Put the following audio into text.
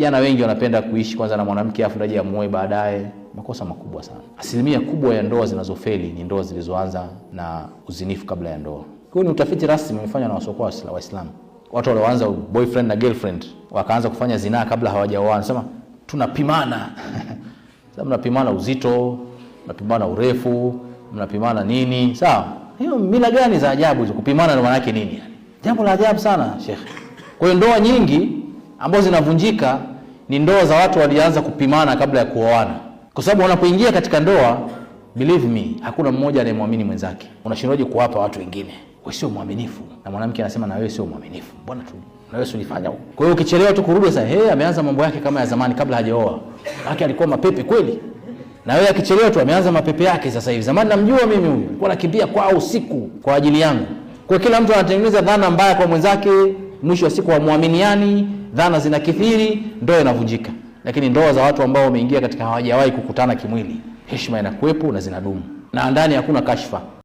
Vijana wengi wanapenda kuishi kwanza na mwanamke afu ndaje amuoe baadaye. Makosa makubwa sana. Asilimia kubwa ya ndoa zinazofeli ni ndoa zilizoanza na uzinifu kabla ya ndoa. Huu ni utafiti rasmi umefanywa na wasiokuwa Waislamu. Watu walioanza boyfriend na girlfriend wakaanza kufanya zinaa kabla hawajaoa. Nasema tunapimana sasa, mnapimana uzito, mnapimana urefu, mnapimana nini? Sawa, hiyo mila gani za ajabu hizo? Kupimana maana yake nini? jambo la ajabu sana, shekhe. Kwa hiyo ndoa nyingi ambazo zinavunjika ni ndoa za watu walianza kupimana kabla ya kuoana, kwa sababu wanapoingia katika ndoa, believe me, hakuna mmoja anayemwamini mwenzake. Unashindwaje kuwapa watu wengine? Wewe sio mwaminifu, na mwanamke anasema na wewe sio mwaminifu, mbona tu na wewe usifanya huko. Kwa hiyo ukichelewa tu kurudi sasa, hey, ameanza mambo yake kama ya zamani kabla hajaoa, Yake alikuwa mapepe kweli. Na wewe akichelewa tu ameanza mapepe yake sasa hivi. Zamani namjua mimi huyu, alikuwa anakimbia kwa usiku kwa ajili yangu. Kwa kila mtu anatengeneza dhana mbaya kwa mwenzake, mwisho wa siku hamwaminiani, dhana zina kithiri, ndoa inavunjika. Lakini ndoa za watu ambao wameingia katika hawajawahi kukutana kimwili, heshima inakuwepo na zinadumu, na ndani hakuna kashfa.